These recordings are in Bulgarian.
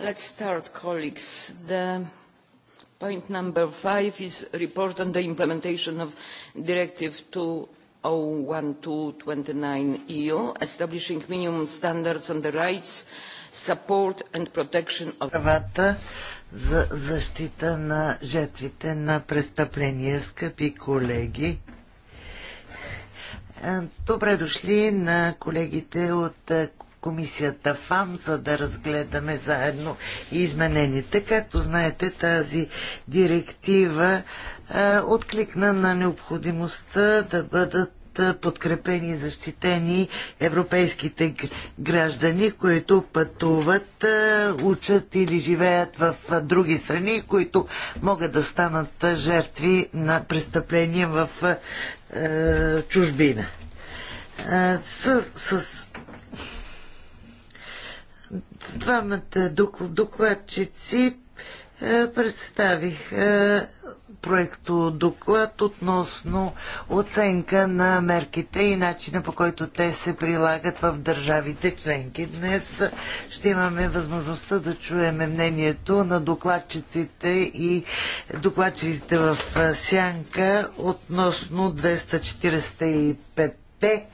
let's start, colleagues. The point number five is a report on the implementation of Directive 2012-29-EU, establishing minimum standards on the rights, support and protection of... Правата за защита на жертвите на престъпления, скъпи колеги. Добре дошли на колегите от комисията ФАМ, за да разгледаме заедно изменените. Както знаете, тази директива а, откликна на необходимостта да бъдат подкрепени и защитени европейските граждани, които пътуват, учат или живеят в други страни, които могат да станат жертви на престъпления в чужбина. С, с Двамата докладчици е, представих е, проекто доклад относно оценка на мерките и начина по който те се прилагат в държавите членки. Днес ще имаме възможността да чуем мнението на докладчиците и докладчиците в е, Сянка относно 245-те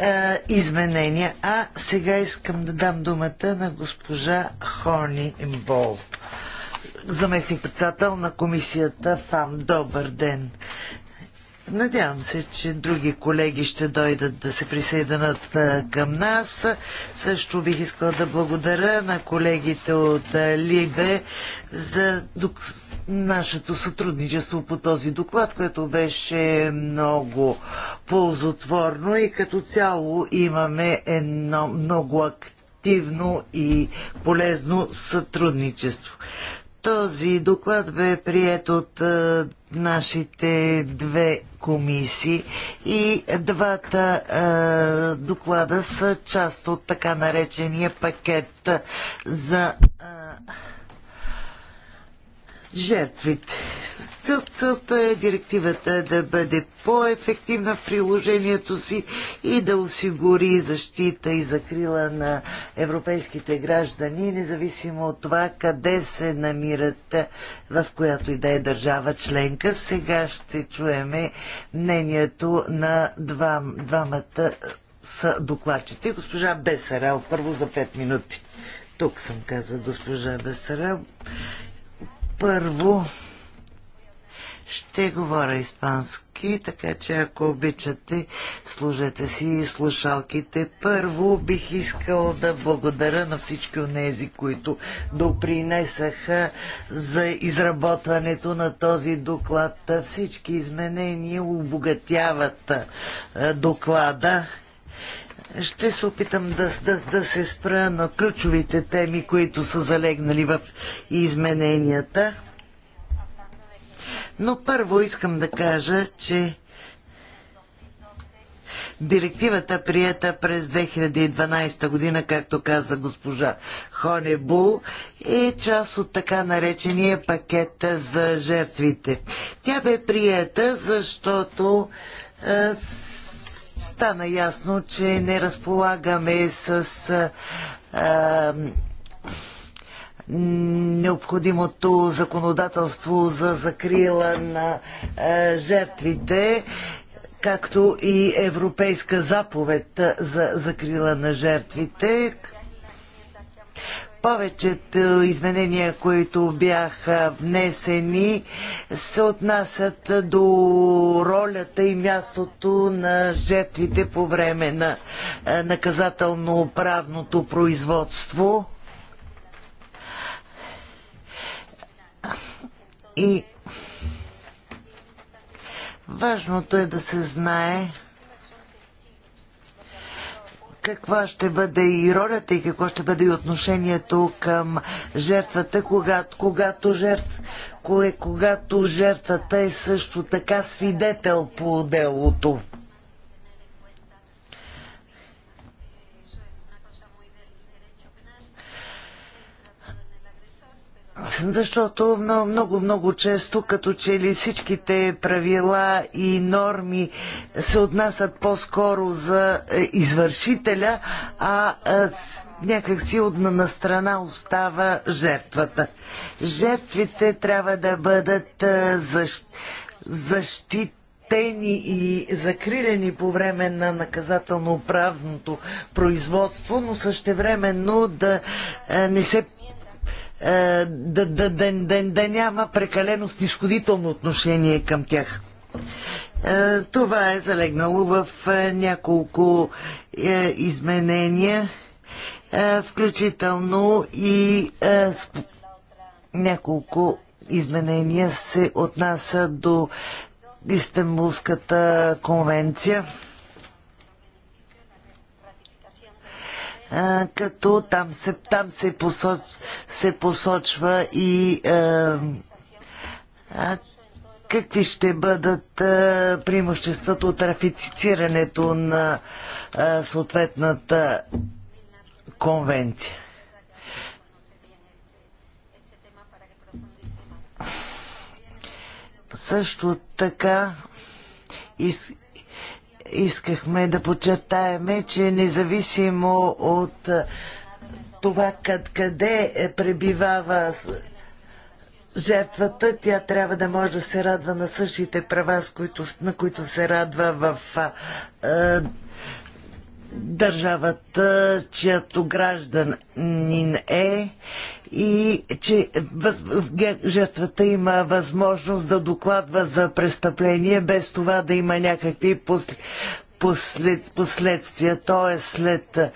е, изменения. А сега искам да дам думата на госпожа Хорни Имбол, заместник-председател на комисията ФАМ. Добър ден! Надявам се, че други колеги ще дойдат да се присъединят към нас. Също бих искала да благодаря на колегите от Либе за нашето сътрудничество по този доклад, което беше много ползотворно и като цяло имаме едно много активно активно и полезно сътрудничество. Този доклад бе прият от а, нашите две комисии и двата а, доклада са част от така наречения пакет за а, жертвите целта е директивата да бъде по-ефективна в приложението си и да осигури защита и закрила на европейските граждани, независимо от това къде се намират в която и да е държава членка. Сега ще чуеме мнението на два, двамата с докладчици. Госпожа Бесарел, първо за 5 минути. Тук съм, казва госпожа Бесарел. Първо, ще говоря испански, така че ако обичате, служете си слушалките. Първо бих искал да благодаря на всички от тези, които допринесаха за изработването на този доклад. Всички изменения обогатяват доклада, ще се опитам да, да, да се спра на ключовите теми, които са залегнали в измененията. Но първо искам да кажа, че Директивата, прията през 2012 година, както каза госпожа Хонебул, е част от така наречения пакет за жертвите. Тя бе прията, защото е, стана ясно, че не разполагаме с. Е, необходимото законодателство за закрила на е, жертвите, както и Европейска заповед е, за закрила на жертвите. Повечето изменения, които бяха внесени, се отнасят до ролята и мястото на жертвите по време на е, наказателно-правното производство И важното е да се знае каква ще бъде и ролята и какво ще бъде и отношението към жертвата, когато, когато, жертв, кое, когато жертвата е също така свидетел по делото. Защото много, много често, като че ли всичките правила и норми се отнасят по-скоро за е, извършителя, а някакси на страна остава жертвата. Жертвите трябва да бъдат е, защ... защит защитени и закрилени по време на наказателно-правното производство, но същевременно да е, не се да, да, да, да, да няма прекалено снисходително отношение към тях. Това е залегнало в няколко изменения, включително и няколко изменения се отнася до Истанбулската конвенция. като там се, там се, посоч, се посочва и какви ще бъдат преимуществата от рафицирането на съответната конвенция. Също така искахме да подчертаеме, че независимо от е, това къд, къде е, пребивава жертвата, тя трябва да може да се радва на същите права, на които се радва в е, държавата, чиято гражданин е и че въз... жертвата има възможност да докладва за престъпление, без това да има някакви после, послед, последствия, т.е. след е,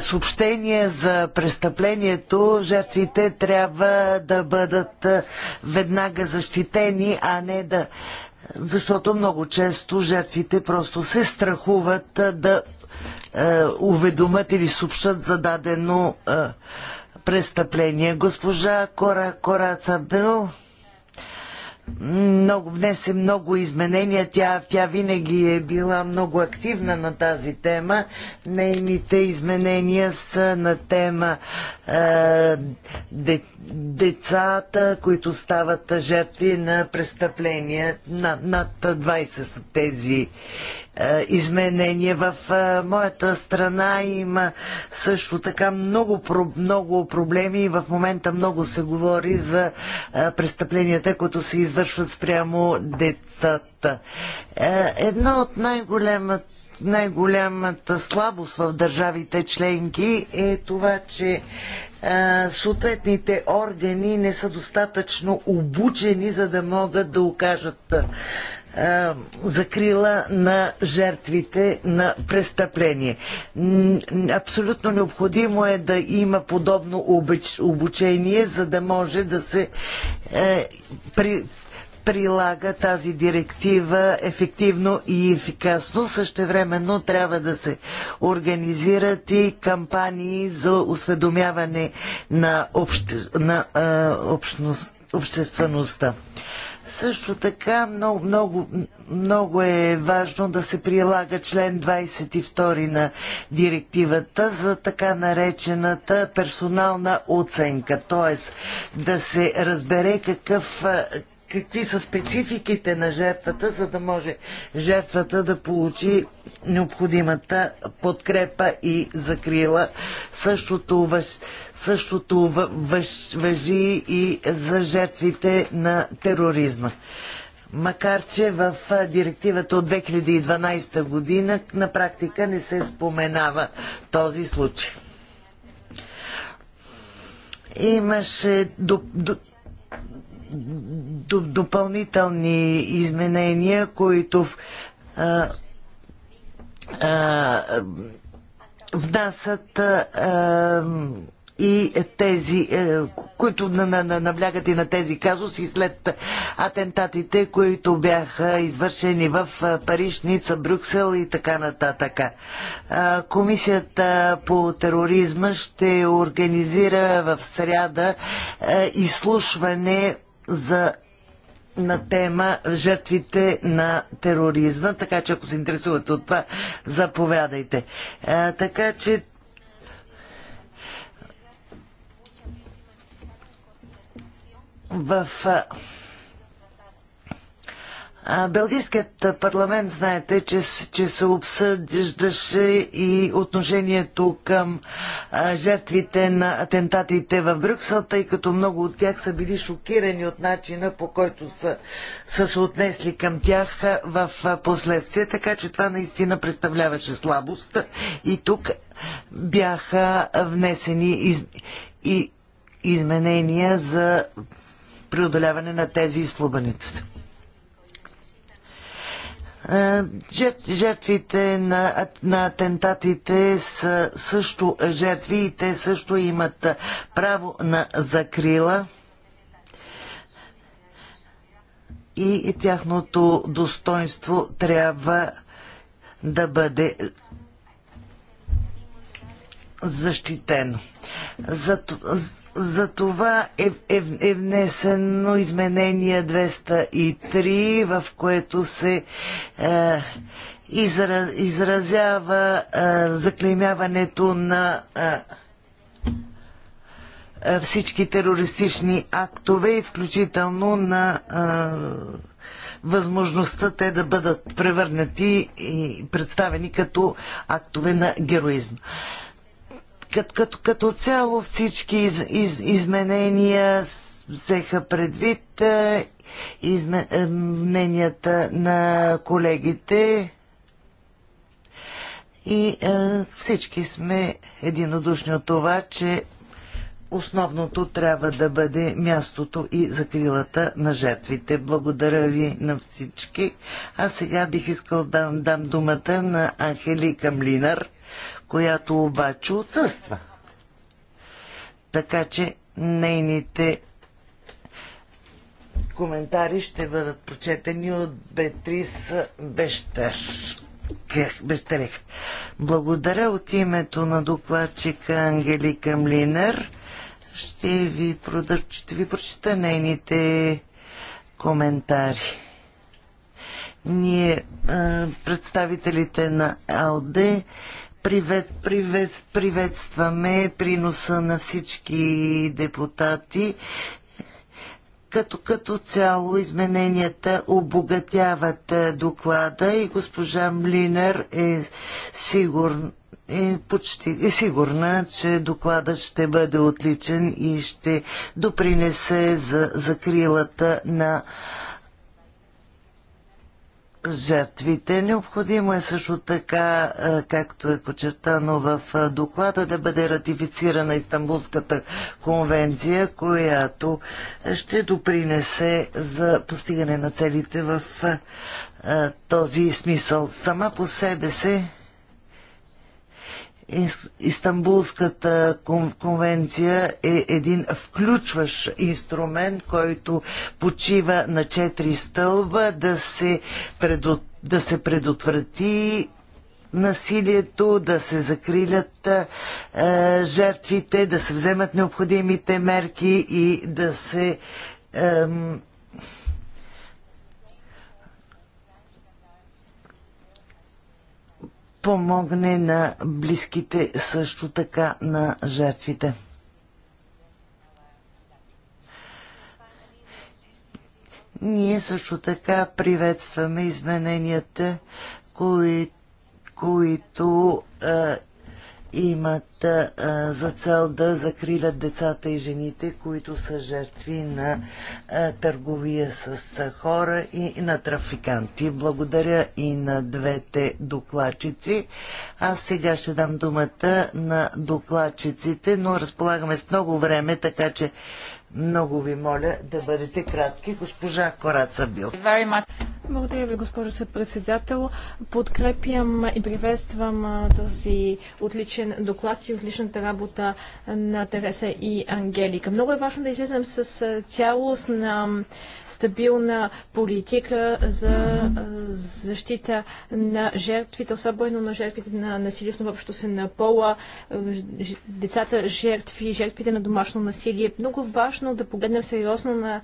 съобщение за престъплението, жертвите трябва да бъдат веднага защитени, а не да. Защото много често жертвите просто се страхуват да е, уведомят или съобщат за дадено е, престъпление. Госпожа Кора Кораца Бил много, внесе много изменения. Тя, тя винаги е била много активна на тази тема. Нейните изменения са на тема е, де, децата, които стават жертви на престъпления. Над, над 20 са тези е, изменения. В е, моята страна има също така много, много проблеми и в момента много се говори за е, престъпленията, които се извършват спрямо децата. Едно от най-големата най-голямата слабост в държавите членки е това, че а, съответните органи не са достатъчно обучени, за да могат да окажат е, закрила на жертвите на престъпление. Абсолютно необходимо е да има подобно обучение, за да може да се е, при, прилага тази директива ефективно и ефикасно. Същевременно трябва да се организират и кампании за осведомяване на, общ... на е, общност... обществеността. Също така много, много, много е важно да се прилага член 22 на директивата за така наречената персонална оценка, т.е. да се разбере какъв, какви са спецификите на жертвата, за да може жертвата да получи необходимата подкрепа и закрила. Същото, въж, същото въж, въжи и за жертвите на тероризма. Макар, че в директивата от 2012 година на практика не се споменава този случай. Имаше до, до, допълнителни изменения, които а, а, внасят а, и тези, е, които наблягат и на тези казуси след атентатите, които бяха извършени в е, Париж, Ница, Брюксел и така нататък. Е, комисията по тероризма ще организира в сряда изслушване за на тема жертвите на тероризма, така че ако се интересувате от това, заповядайте. А, така че В Белгийският парламент, знаете, че, че се обсъждаше и отношението към жертвите на атентатите в Брюксел, тъй като много от тях са били шокирани от начина по който са, са се отнесли към тях в последствие, така че това наистина представляваше слабост. И тук бяха внесени из, и изменения за преодоляване на тези изслабаници. Е, жертвите на, на атентатите са също жертви и те също имат право на закрила и тяхното достоинство трябва да бъде защитено. За, за това е, е, е внесено изменение 203, в което се е, изразява е, заклеймяването на е, е, всички терористични актове и включително на е, възможността те да бъдат превърнати и представени като актове на героизм като, като, като цяло всички из, из, изменения взеха предвид е, изме, е, мненията на колегите и е, всички сме единодушни от това, че основното трябва да бъде мястото и закрилата на жертвите. Благодаря ви на всички. А сега бих искал да дам думата на Анхели Камлинар която обаче отсъства. Така че нейните коментари ще бъдат прочетени от Бетрис Бещер. Бещерех. Благодаря от името на докладчика Ангелика Млинер. Ще ви, продър... ще ви прочета нейните коментари. Ние, представителите на АЛДЕ, Привет, привет, приветстваме приноса на всички депутати. Като, като цяло измененията обогатяват е, доклада и госпожа Млинер е сигурна е почти е сигурна, че докладът ще бъде отличен и ще допринесе за закрилата на жертвите. Необходимо е също така, е, както е подчертано в е, доклада, да бъде ратифицирана Истанбулската конвенция, която ще допринесе за постигане на целите в е, този смисъл. Сама по себе се Истанбулската конвенция е един включващ инструмент, който почива на четири стълба да се, предот... да се предотврати насилието, да се закрилят е, жертвите, да се вземат необходимите мерки и да се е, помогне на близките, също така на жертвите. Ние също така приветстваме измененията, кои, които е, имат за цел да закрилят децата и жените, които са жертви на търговия с хора и на трафиканти. Благодаря и на двете докладчици. Аз сега ще дам думата на докладчиците, но разполагаме с много време, така че много ви моля да бъдете кратки. Госпожа Кораца Бил. Благодаря ви, госпожо съпредседател. Подкрепям и приветствам този отличен доклад и отличната работа на Тереса и Ангелика. Много е важно да излезем с цялост на стабилна политика за защита на жертвите, особено на жертвите на насилие, въобще се на пола, децата жертви, жертвите на домашно насилие. Много важно да погледнем сериозно на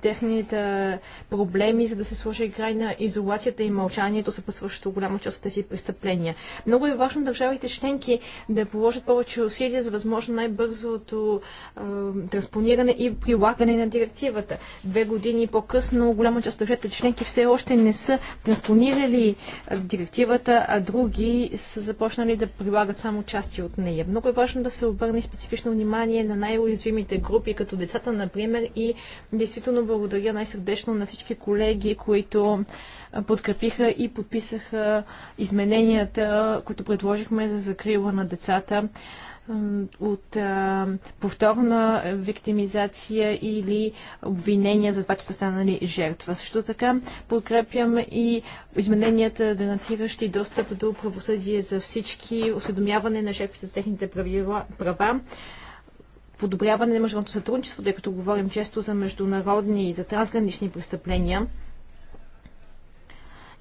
техните проблеми, за да се сложи край на изолацията и мълчанието, съпъсващо голяма част от тези престъпления. Много е важно държавите членки да положат повече усилия за възможно най-бързото транспониране и прилагане на директивата. Две години години по-късно голяма част от държавите членки все още не са транспонирали директивата, а други са започнали да прилагат само части от нея. Много е важно да се обърне специфично внимание на най-уязвимите групи, като децата, например, и действително благодаря най-сърдечно на всички колеги, които подкрепиха и подписаха измененията, които предложихме за закрила на децата от а, повторна виктимизация или обвинения за това, че са станали жертва. Също така подкрепям и измененията, гарантиращи достъп до правосъдие за всички, осведомяване на жертвите за техните правила, права подобряване на международното сътрудничество, тъй като говорим често за международни и за трансгранични престъпления.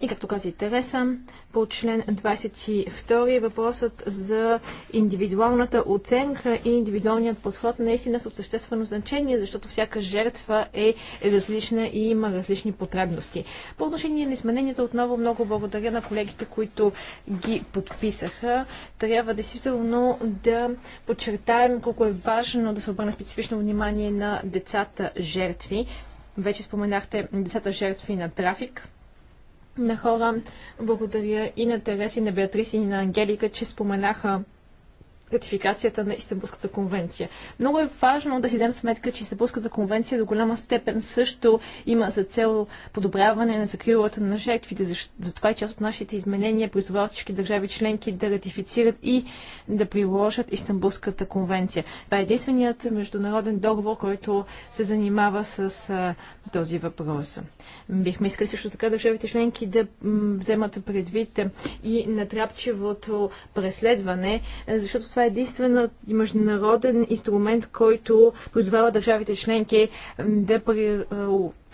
И както каза и Тереса, по член 22 въпросът за индивидуалната оценка и индивидуалният подход наистина са от съществено значение, защото всяка жертва е различна и има различни потребности. По отношение на измененията отново много благодаря на колегите, които ги подписаха. Трябва действително да подчертаем колко е важно да се обърне специфично внимание на децата жертви. Вече споменахте децата жертви на трафик на хора. Благодаря и на Тереси, и на Беатриси, и на Ангелика, че споменаха ратификацията на Истанбулската конвенция. Много е важно да си дадем сметка, че Истанбулската конвенция до голяма степен също има за цел подобряване на закрилата на жертвите. Затова и е част от нашите изменения призовават всички държави членки да ратифицират и да приложат Истанбулската конвенция. Това е единственият международен договор, който се занимава с а, този въпрос. Бихме искали също така държавите членки да вземат предвид и натрапчивото преследване, защото това това е единственият международен инструмент, който позволява държавите членки е, да е,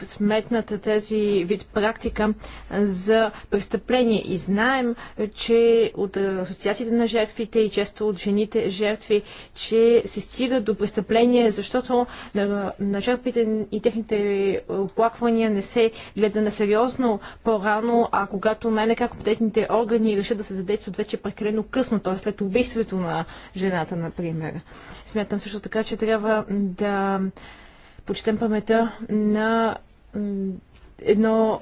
сметната тази вид практика за престъпление. И знаем, че от асоциациите на жертвите и често от жените жертви, че се стига до престъпление, защото на, на жертвите и техните оплаквания не се гледа на сериозно по-рано, а когато най накак компетентните органи решат да се задействат вече прекалено късно, т.е. след убийството на жената, например. Смятам също така, че трябва да почетем памета на едно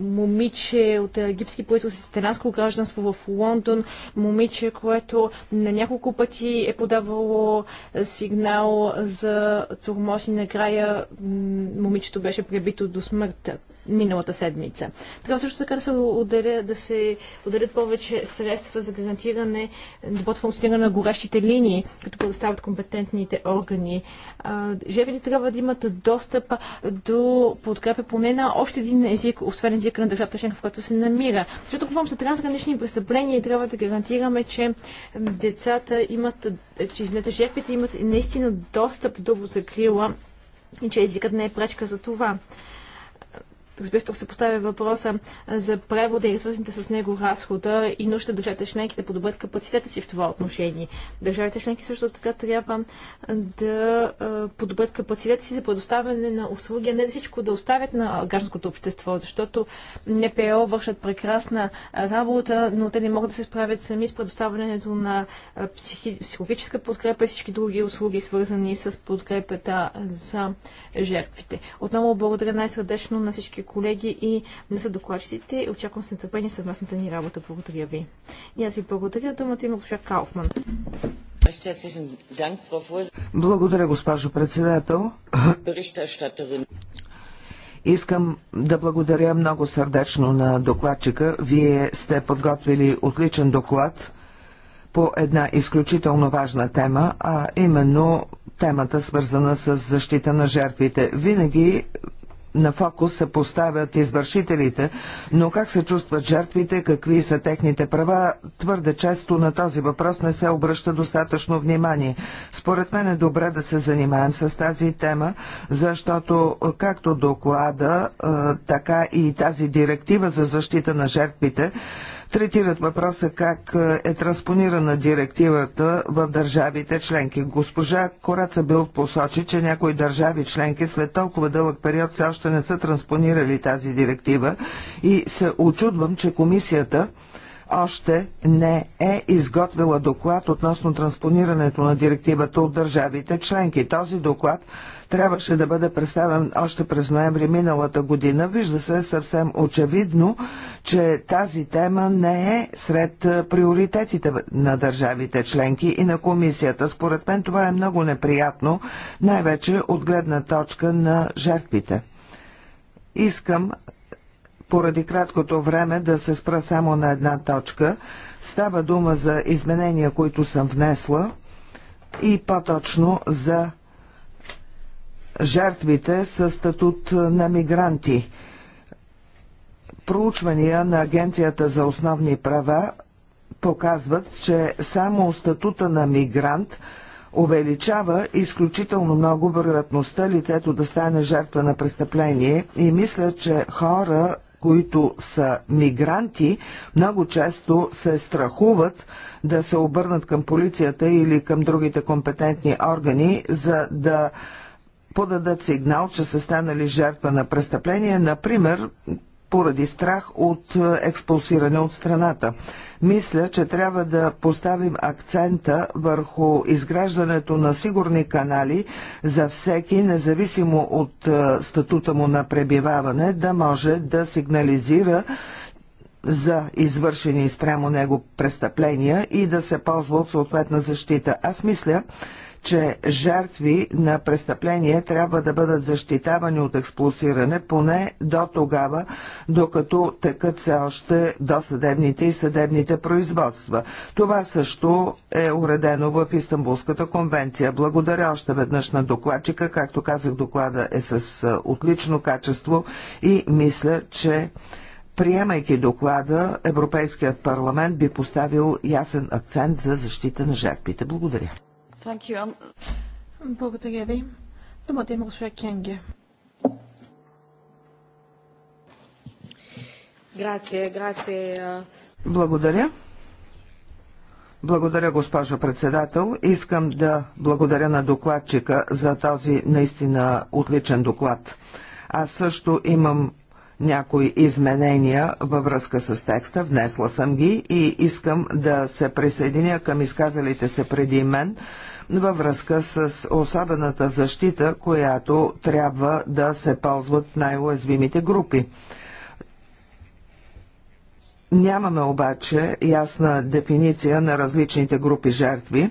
момиче от египски происход с италянско гражданство в Лондон, момиче, което на няколко пъти е подавало сигнал за турмоз и накрая момичето беше пребито до смърт миналата седмица. Трябва също така да се, отделя, да се отделят повече средства за гарантиране доброто функциониране на горещите линии, като предоставят компетентните органи. Жевите трябва да имат достъп до подкрепа поне на още един език, освен езика на държавата членка, в която се намира. Защото говорим за трансгранични престъпления и трябва да гарантираме, че децата имат, че извинете, жертвите имат наистина достъп до закрила и че езикът не е пречка за това. Разбира се, тук се поставя въпроса за превода и ресурсните с него разхода и нужда държавите членки да подобрят капацитета си в това отношение. Държавите членки също така трябва да подобрят капацитета си за предоставяне на услуги, а не да всичко да оставят на гражданското общество, защото НПО вършат прекрасна работа, но те не могат да се справят сами с предоставянето на психи... психологическа подкрепа и всички други услуги, свързани с подкрепата за жертвите. Отново благодаря най-сърдечно на всички колеги и на съдокладчиците. Очаквам с нетърпение съвместната ни работа. Благодаря ви. И аз ви благодаря. Думата има госпожа Кауфман. Благодаря, госпожо председател. Искам да благодаря много сърдечно на докладчика. Вие сте подготвили отличен доклад по една изключително важна тема, а именно темата свързана с защита на жертвите. Винаги на фокус се поставят извършителите, но как се чувстват жертвите, какви са техните права, твърде често на този въпрос не се обръща достатъчно внимание. Според мен е добре да се занимаем с тази тема, защото както доклада, така и тази директива за защита на жертвите третират въпроса как е, е транспонирана директивата в държавите членки. Госпожа Кораца бил посочи, че някои държави членки след толкова дълъг период все още не са транспонирали тази директива и се очудвам, че комисията още не е изготвила доклад относно транспонирането на директивата от държавите членки. Този доклад трябваше да бъде представен още през ноември миналата година. Вижда се съвсем очевидно, че тази тема не е сред приоритетите на държавите членки и на комисията. Според мен това е много неприятно, най-вече от гледна точка на жертвите. Искам поради краткото време да се спра само на една точка. Става дума за изменения, които съм внесла и по-точно за жертвите с статут на мигранти. Проучвания на Агенцията за основни права показват, че само статута на мигрант увеличава изключително много вероятността лицето да стане жертва на престъпление и мисля, че хора, които са мигранти, много често се страхуват да се обърнат към полицията или към другите компетентни органи, за да подадат сигнал, че са станали жертва на престъпление, например, поради страх от е, експулсиране от страната. Мисля, че трябва да поставим акцента върху изграждането на сигурни канали за всеки, независимо от е, статута му на пребиваване, да може да сигнализира за извършени спрямо него престъпления и да се ползва от съответна защита. Аз мисля, че жертви на престъпление трябва да бъдат защитавани от експлосиране поне до тогава, докато текат все още досъдебните и съдебните производства. Това също е уредено в Истанбулската конвенция. Благодаря още веднъж на докладчика. Както казах, доклада е с е, отлично качество и мисля, че Приемайки доклада, Европейският парламент би поставил ясен акцент за защита на жертвите. Благодаря. Um, благодаря ви. Думата има госпожа Кенге. Благодаря. Благодаря, госпожо председател. Искам да благодаря на докладчика за този наистина отличен доклад. Аз също имам някои изменения във връзка с текста, внесла съм ги и искам да се присъединя към изказалите се преди мен, във връзка с особената защита, която трябва да се ползват най-уязвимите групи. Нямаме обаче ясна дефиниция на различните групи жертви.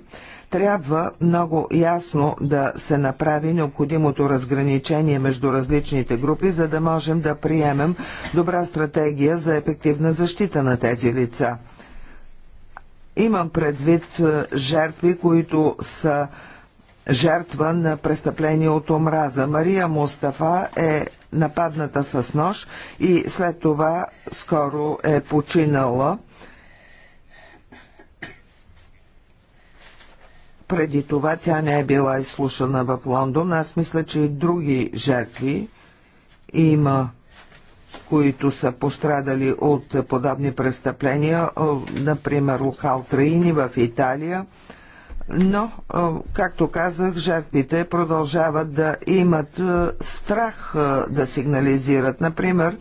Трябва много ясно да се направи необходимото разграничение между различните групи, за да можем да приемем добра стратегия за ефективна защита на тези лица. Имам предвид е, жертви, които са жертва на престъпление от омраза. Мария Мустафа е нападната с нож и след това скоро е починала. Преди това тя не е била изслушана в Лондон. Аз мисля, че и други жертви има които са пострадали от подобни престъпления, например Локал Траини в Италия. Но, както казах, жертвите продължават да имат страх да сигнализират. Например,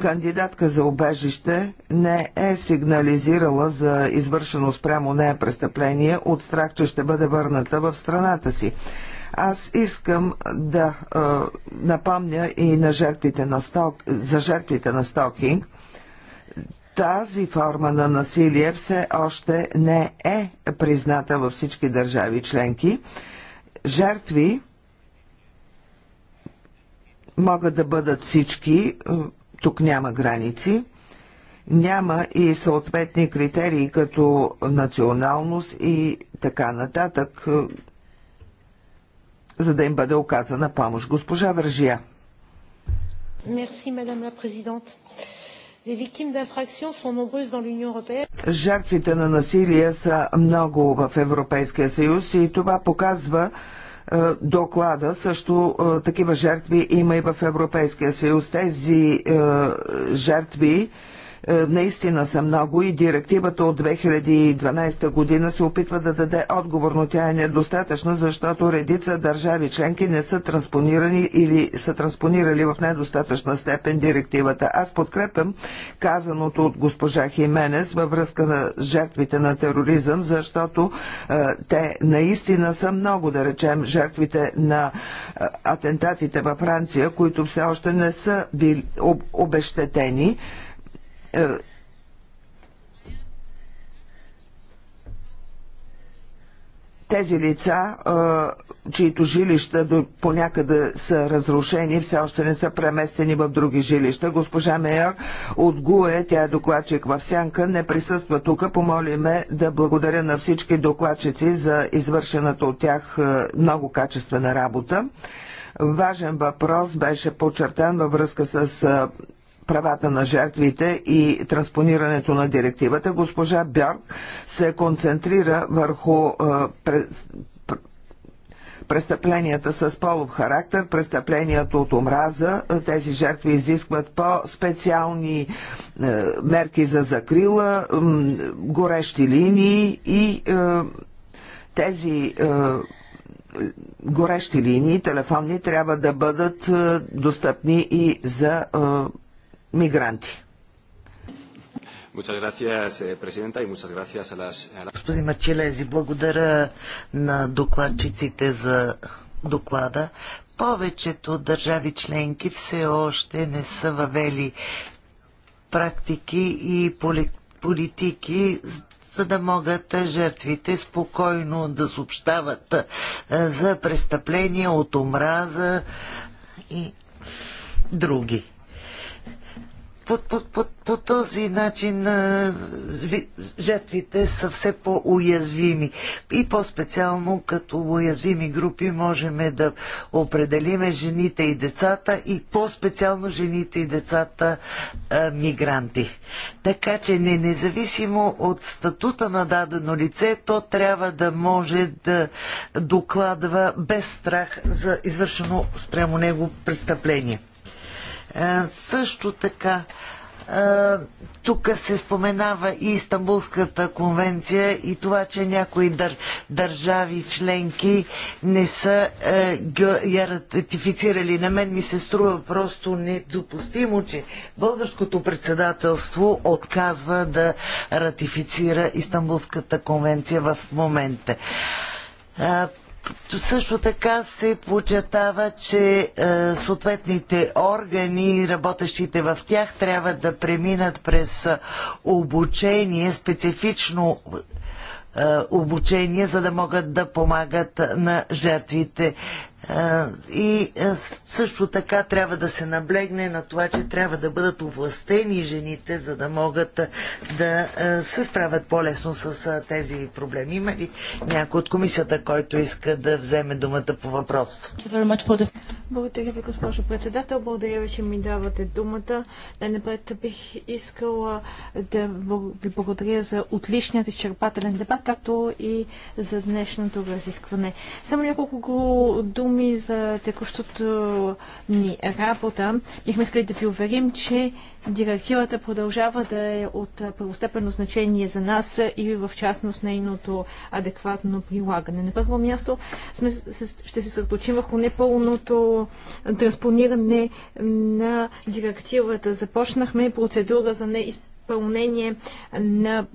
кандидатка за обежище не е сигнализирала за извършено спрямо нея престъпление от страх, че ще бъде върната в страната си. Аз искам да е, напомня и на жертвите на сток, за жертвите на Стокинг. Тази форма на насилие все още не е призната във всички държави членки. Жертви могат да бъдат всички, тук няма граници няма и съответни критерии като националност и така нататък, за да им бъде оказана помощ. Госпожа Вържия. Мерси, мадам ла президент. Жертвите на насилие са много в Европейския съюз и това показва е, доклада. Също е, такива жертви има и в Европейския съюз. Тези е, жертви е, наистина са много и директивата от 2012 година се опитва да даде отговор, но тя е недостатъчна, защото редица държави членки не са транспонирани или са транспонирали в недостатъчна степен директивата. Аз подкрепям казаното от госпожа Хименес във връзка на жертвите на тероризъм, защото е, те наистина са много, да речем, жертвите на е, атентатите във Франция, които все още не са били обещетени. Е, тези лица, чието жилища до понякъде са разрушени, все още не са преместени в други жилища. Госпожа Мейер от ГУЕ, тя е докладчик в Сянка, не присъства тук. Помолиме да благодаря на всички докладчици за извършената от тях много качествена работа. Важен въпрос беше подчертан във връзка с правата на жертвите и транспонирането на директивата, госпожа Бьорк се концентрира върху е, престъпленията с полов характер, престъпленията от омраза. Тези жертви изискват по-специални е, мерки за закрила, горещи линии и е, тези горещи линии, телефонни, трябва да бъдат достъпни и за мигранти. Eh, Господин Мачелези, благодаря на докладчиците за доклада. Повечето държави членки все още не са въвели практики и политики, за да могат жертвите спокойно да съобщават е, за престъпления от омраза и други по, по, по, по този начин жертвите са все по-уязвими. И по-специално като уязвими групи можем да определиме жените и децата и по-специално жените и децата а, мигранти. Така че не, независимо от статута на дадено лице, то трябва да може да докладва без страх за извършено спрямо него престъпление. Е, също така, е, тук се споменава и Истанбулската конвенция и това, че някои дър, държави членки не са е, я ратифицирали. На мен ми се струва просто недопустимо, че българското председателство отказва да ратифицира Истанбулската конвенция в момента. Е, също така се подчертава, че е, съответните органи и работещите в тях трябва да преминат през е, обучение, специфично е, обучение, за да могат да помагат на жертвите. И също така трябва да се наблегне на това, че трябва да бъдат овластени жените, за да могат да се справят по-лесно с тези проблеми. Има ли някой от комисията, който иска да вземе думата по въпрос? Благодаря ви, госпожо председател. Благодаря ви, че ми давате думата. Най-напред бих искала да ви благодаря за отличният изчерпателен дебат, както и за днешното разискване. Само няколко думи думи за текущото ни работа. Бихме искали да ви уверим, че директивата продължава да е от първостепенно значение за нас и в частност нейното адекватно прилагане. На първо място сме, ще се съсредоточим върху непълното транспониране на директивата. Започнахме процедура за неизпълнение изпълнение на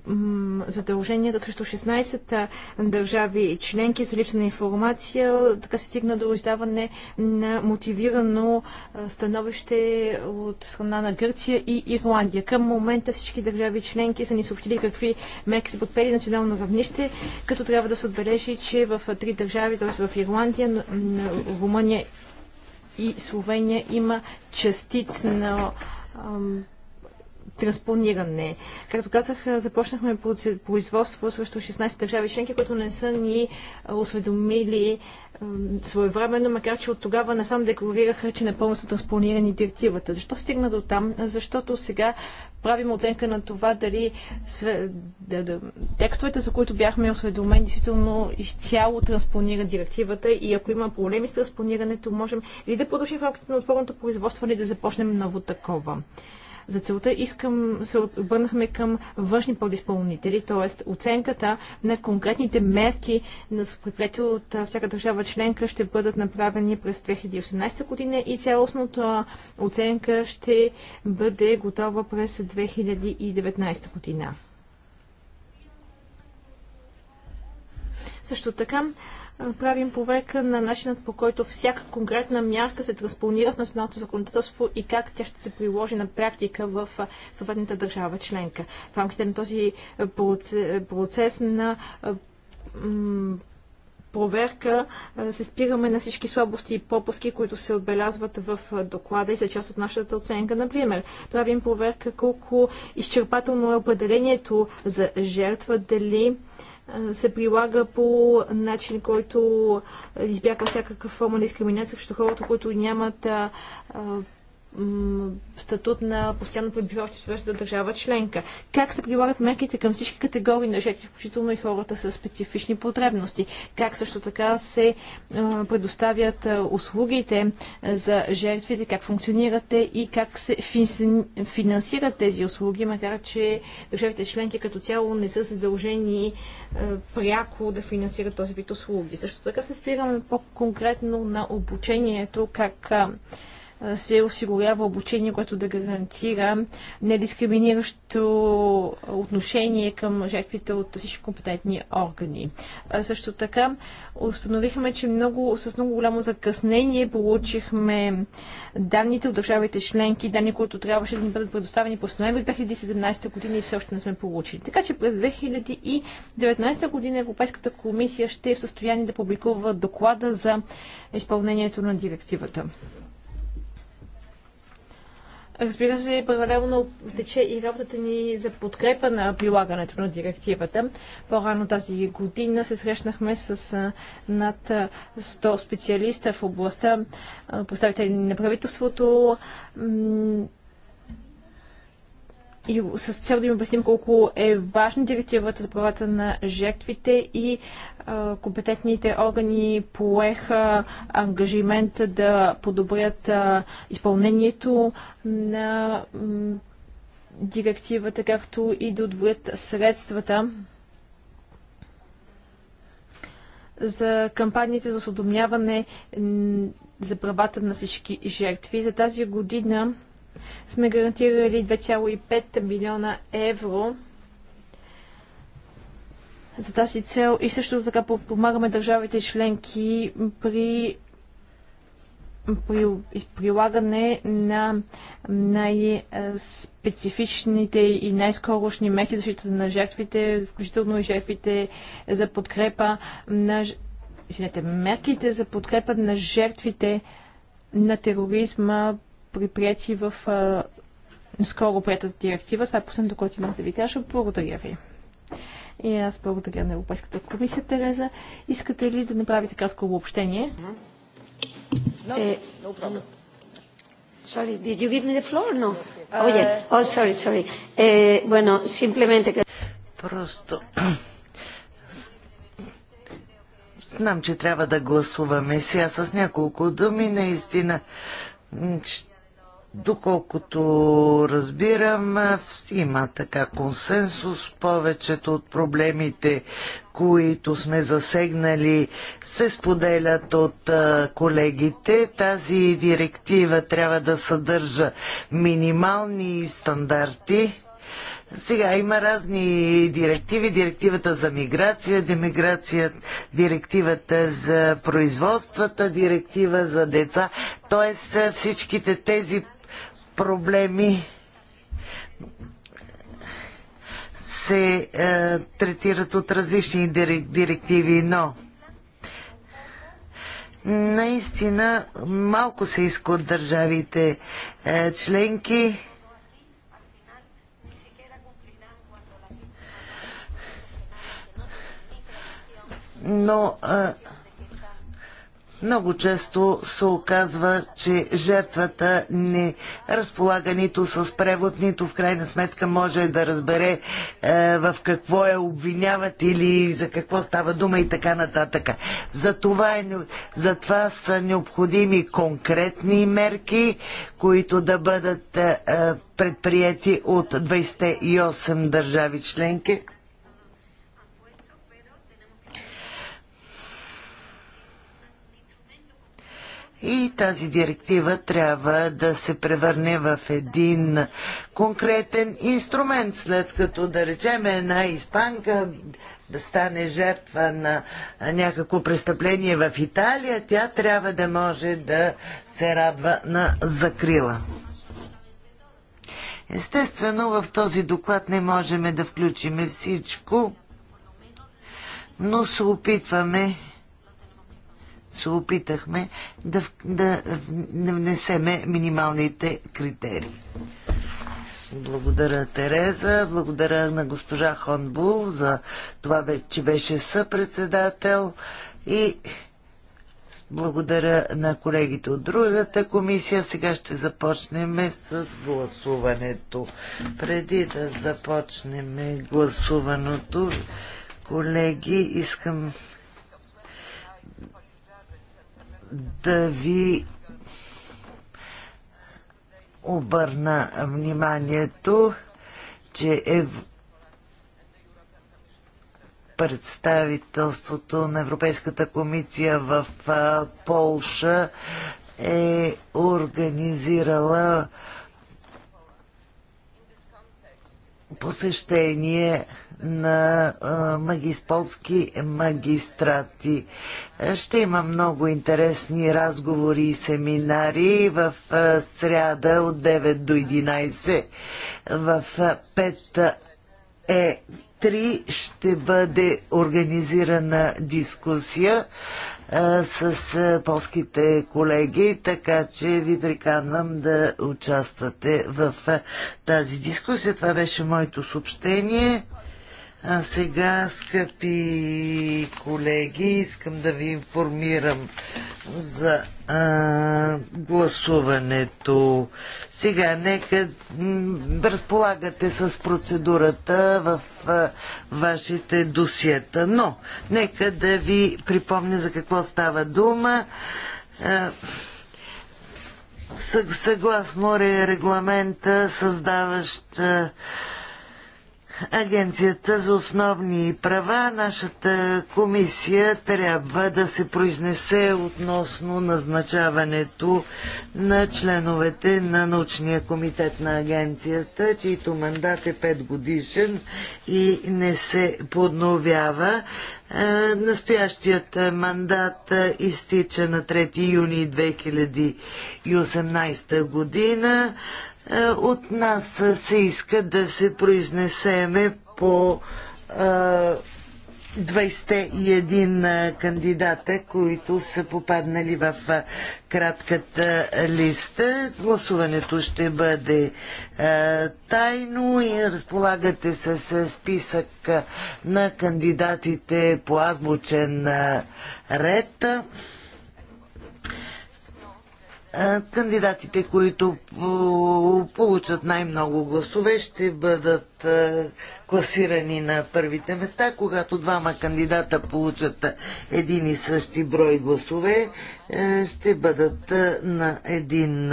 задълженията срещу 16 държави и членки за липса на информация. Така се стигна до издаване на мотивирано становище от страна на Гърция и Ирландия. Към момента всички държави и членки са ни съобщили какви мерки са подпели национално равнище, като трябва да се отбележи, че в три държави, т.е. в Ирландия, Румъния и Словения има частиц на транспониране. Както казах, започнахме производство срещу 16 държави членки, които не са ни е, осведомили е, своевременно, макар че от тогава не сам декларираха, че напълно са транспонирани директивата. Защо стигна до там? Защото сега правим оценка на това дали текстовете, за които бяхме осведомени, действително изцяло транспонира директивата и ако има проблеми с транспонирането, можем или да продължим в рамките на отворното производство, или да започнем ново такова. За целта искам, се обърнахме към външни подиспълнители, т.е. оценката на конкретните мерки на супрепрети от всяка държава членка ще бъдат направени през 2018 година и цялостната оценка ще бъде готова през 2019 година. Също така правим проверка на начинът по който всяка конкретна мярка се транспонира в националното законодателство и как тя ще се приложи на практика в съответната държава членка. В рамките на този процес на проверка се спираме на всички слабости и пропуски, които се отбелязват в доклада и са част от нашата оценка. Например, правим проверка колко изчерпателно е определението за жертва, дали се прилага по начин, който избягва всякаква форма на дискриминация защото хората, които нямат статут на постоянно пребиваващи в следващата държава членка. Как се прилагат мерките към всички категории на жертви, включително и хората с специфични потребности? Как също така се предоставят услугите за жертвите? Как функционирате и как се финансират тези услуги, макар че държавите членки като цяло не са задължени пряко да финансират този вид услуги? Също така се спираме по-конкретно на обучението, как се осигурява обучение, което да гарантира недискриминиращо отношение към жертвите от всички компетентни органи. също така установихме, че много, с много голямо закъснение получихме данните от държавите членки, данни, които трябваше да ни бъдат предоставени през ноември 2017 година и все още не сме получили. Така че през 2019 година Европейската комисия ще е в състояние да публикува доклада за изпълнението на директивата. Разбира се, паралелно тече и работата ни за подкрепа на прилагането на директивата. По-рано тази година се срещнахме с над 100 специалиста в областта, представители на правителството, и с цел да им обясним колко е важна директивата за правата на жертвите и компетентните органи поеха ангажимент да подобрят изпълнението на директивата, както и да отворят средствата за кампаниите за осъдомяване за правата на всички жертви. За тази година сме гарантирали 2,5 милиона евро за тази цел и също така помагаме държавите членки при при прилагане на най-специфичните и най-скорошни мерки за защита на жертвите, включително и жертвите за подкрепа на извинете, мерките за подкрепа на жертвите на тероризма приприяти в а, скоро приятата директива. Това е последното, което имах да ви кажа. Благодаря ви. И аз благодаря на Европейската комисия, Тереза. Искате ли да направите кратко обобщение? Е, no, Sorry, did you give me the floor? No. Oye, oh, uh, oh sorry, sorry. Eh, bueno, simplemente Просто Знам, че трябва да гласуваме сега с няколко думи. Наистина, Ще Доколкото разбирам, има така консенсус. Повечето от проблемите, които сме засегнали, се споделят от колегите. Тази директива трябва да съдържа минимални стандарти. Сега има разни директиви. Директивата за миграция, демиграция, директивата за производствата, директива за деца. Тоест всичките тези проблеми се е, третират от различни директиви, но наистина малко се иска от държавите е, членки. Но е, много често се оказва, че жертвата не разполага нито с превод, нито в крайна сметка може да разбере е, в какво я обвиняват или за какво става дума и така нататък. Затова, е, това са необходими конкретни мерки, които да бъдат е, е предприяти от 28 държави членки И тази директива трябва да се превърне в един конкретен инструмент, след като, да речем, една испанка стане жертва на някакво престъпление в Италия, тя трябва да може да се радва на закрила. Естествено, в този доклад не можем да включим всичко, но се опитваме се опитахме да, да, да внесеме минималните критерии. Благодаря, Тереза. Благодаря на госпожа Хонбул за това, че беше съпредседател и благодаря на колегите от другата комисия. Сега ще започнем с гласуването. Преди да започнем гласуването, колеги, искам да ви обърна вниманието, че е представителството на Европейската комисия в Полша е организирала посещение на магисполски магистрати. Ще има много интересни разговори и семинари в сряда от 9 до 11 в 5 е 3 ще бъде организирана дискусия а, с а, полските колеги, така че ви приканвам да участвате в а, тази дискусия. Това беше моето съобщение. А сега, скъпи колеги, искам да ви информирам за а, гласуването. Сега, нека разполагате с процедурата в а, вашите досиета, но нека да ви припомня за какво става дума. А, съгласно регламента, създаващ Агенцията за основни права, нашата комисия трябва да се произнесе относно назначаването на членовете на научния комитет на агенцията, чийто мандат е 5 годишен и не се подновява. Е, настоящият мандат изтича на 3 юни 2018 година. Е, от нас се иска да се произнесеме по 21 е, е, кандидата, които са попаднали в кратката листа. Гласуването ще бъде тайно и разполагате с списък на кандидатите по азбучен ред. Кандидатите, които получат най-много гласове, ще бъдат класирани на първите места. Когато двама кандидата получат един и същи брой гласове, ще бъдат на, един,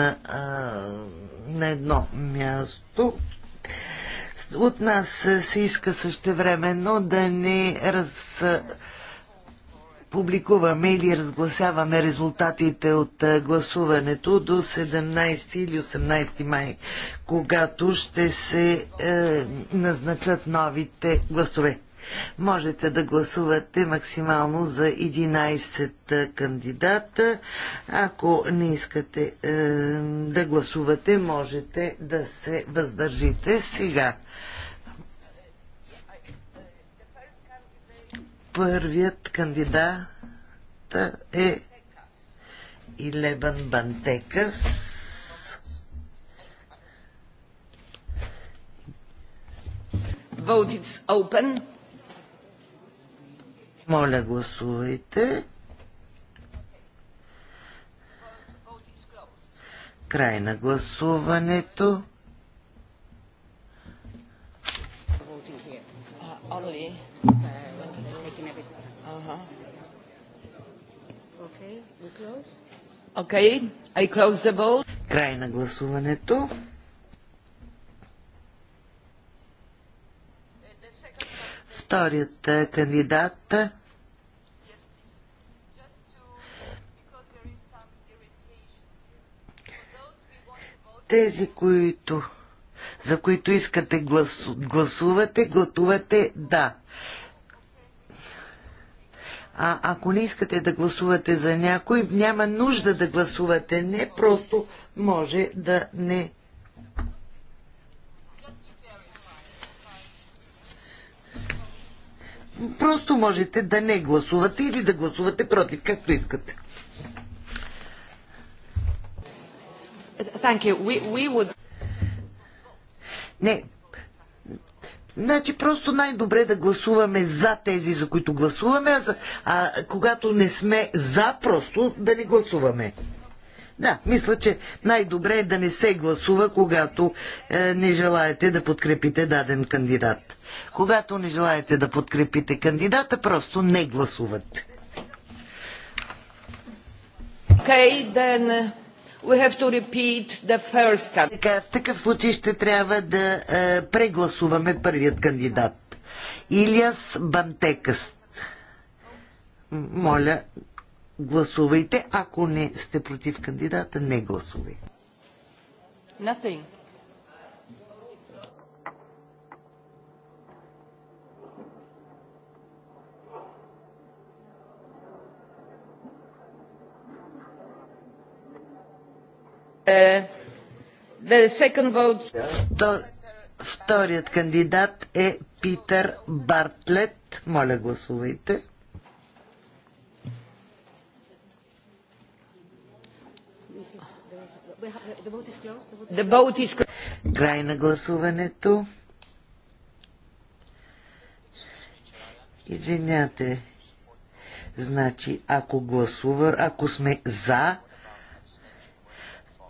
на едно място. От нас се иска същевременно да не раз публикуваме или разгласяваме резултатите от гласуването до 17 или 18 май, когато ще се е, назначат новите гласове. Можете да гласувате максимално за 11 кандидата. Ако не искате е, да гласувате, можете да се въздържите сега. Първият кандидат е Илебан Бантекас. Vote is open. Моля, гласувайте. Край на гласуването. Okay, I close the vote. Край на гласуването. Вторият е, кандидат тези, които, за които искате гласу, гласувате, гласувате да. А ако не искате да гласувате за някой, няма нужда да гласувате. Не, просто може да не. Просто можете да не гласувате или да гласувате против, както искате. Thank you. We, we would... Не, Значи просто най-добре да гласуваме за тези, за които гласуваме, а, за, а когато не сме за, просто да не гласуваме. Да, мисля, че най-добре е да не се гласува, когато е, не желаете да подкрепите даден кандидат. Когато не желаете да подкрепите кандидата, просто не гласуват. Okay, then... Така, в такъв случай ще трябва да е, прегласуваме първият кандидат. Илиас Бантекас. Моля, гласувайте. Ако не сте против кандидата, не гласувайте. Nothing. Uh, вторият кандидат е Питър Бартлет. Моля, гласувайте. Край на гласуването. Извинявате. Значи, ако гласува, ако сме за,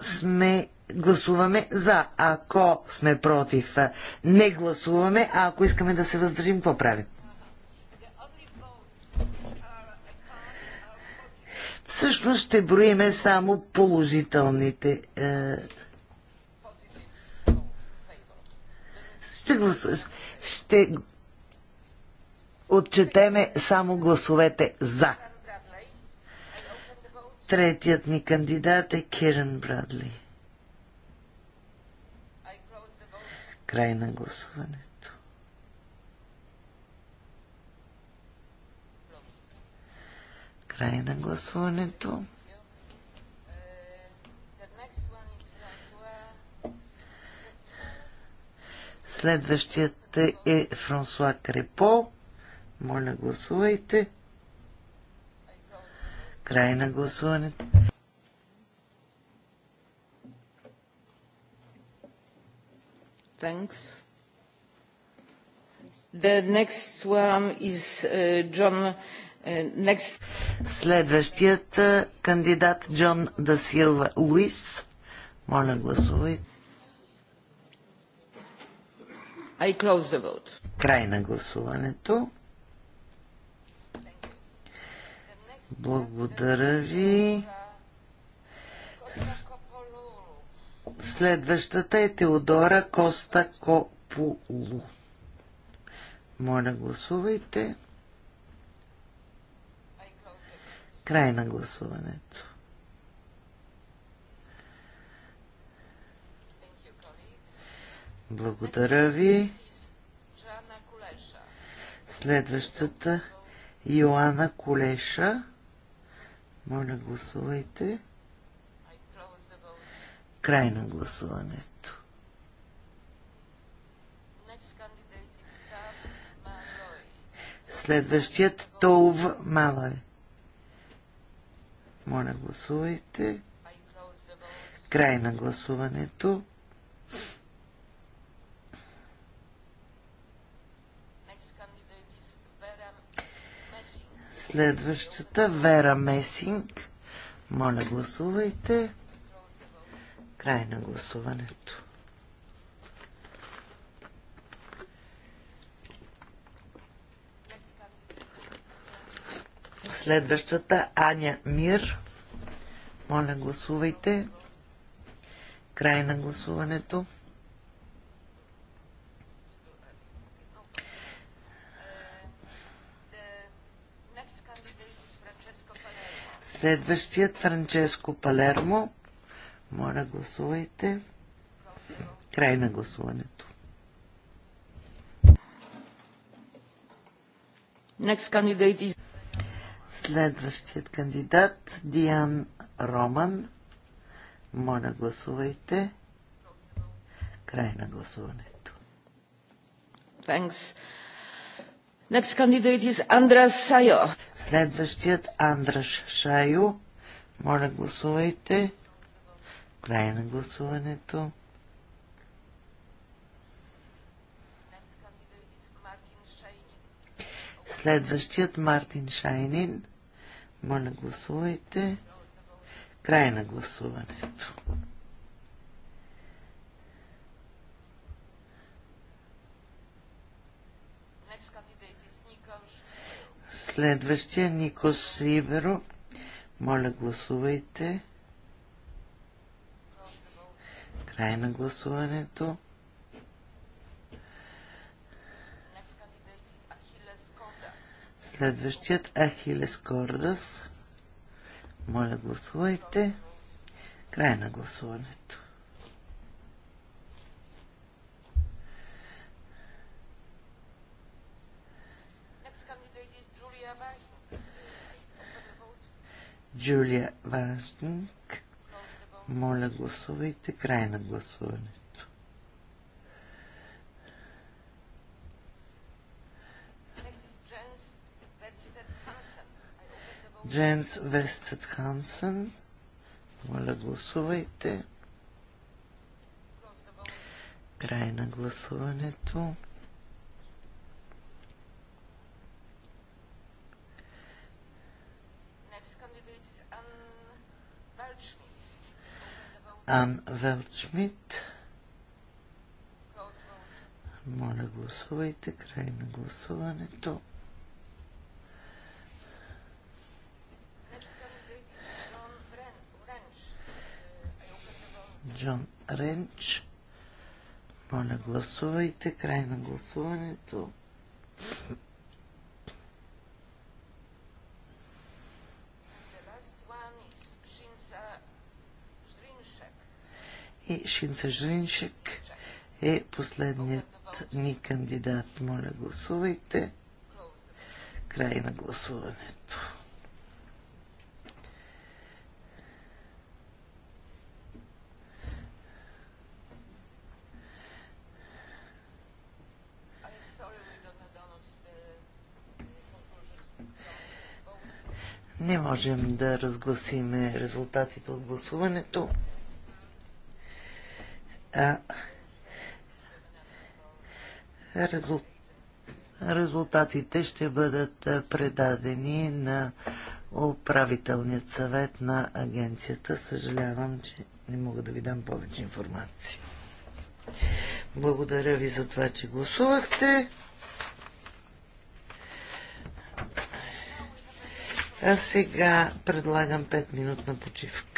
сме гласуваме за. Ако сме против, не гласуваме, а ако искаме да се въздържим, какво правим? Всъщност ще броиме само положителните. Е, ще, гласу... ще отчетеме само гласовете за. Третият ни кандидат е Кирен Брадли. Край на гласуването. Край на гласуването. Следващият е Франсуа Крепо. Моля, гласувайте. Край на гласуването. Thanks. The next one is uh, John. Uh, next. Следващият uh, кандидат Джон да Силва Луис. Моля, гласувай. I close the vote. Край на гласуването. Благодаря ви. Следващата е Теодора Коста Копулу. Моля, гласувайте. Край на гласуването. Благодаря ви. Следващата Йоана Колеша. Моля, гласувайте. Край на гласуването. Следващият Тов Малай. Е. Моля, гласувайте. Край на гласуването. Следващата Вера Месинг. Моля, гласувайте. Край на гласуването. Следващата Аня Мир. Моля, гласувайте. Край на гласуването. Следващият Франческо Палермо. Моля, гласувайте. Край на гласуването. Next candidate is... Следващият кандидат Диан Роман. Моля, гласувайте. Край на гласуването. Thanks. Next candidate is Andras Sayo. Следващият Андраш Шайо. Моля, гласувайте. Край на гласуването. Следващият Мартин Шайнин. Моля, гласувайте. Край на гласуването. Следващия Никос Сриберо. Моля, гласувайте. Край на гласуването. Следващият Ахилес Кордас. Моля, гласувайте. Край на гласуването. Джулия Ванстинг. Моля, гласувайте. Край на гласуването. Дженс Вестет Хансен. Моля, гласувайте. Край на гласуването. Ан Велчмит. Моля, гласувайте. Край на гласуването. Джон Ренч. Моля, гласувайте. Край на гласуването. И Шинца Жриншек е последният ни кандидат. Моля, гласувайте. Край на гласуването. Не можем да разгласиме резултатите от гласуването а, резул, резултатите ще бъдат предадени на управителният съвет на агенцията. Съжалявам, че не мога да ви дам повече информация. Благодаря ви за това, че гласувахте. А сега предлагам 5 минутна почивка.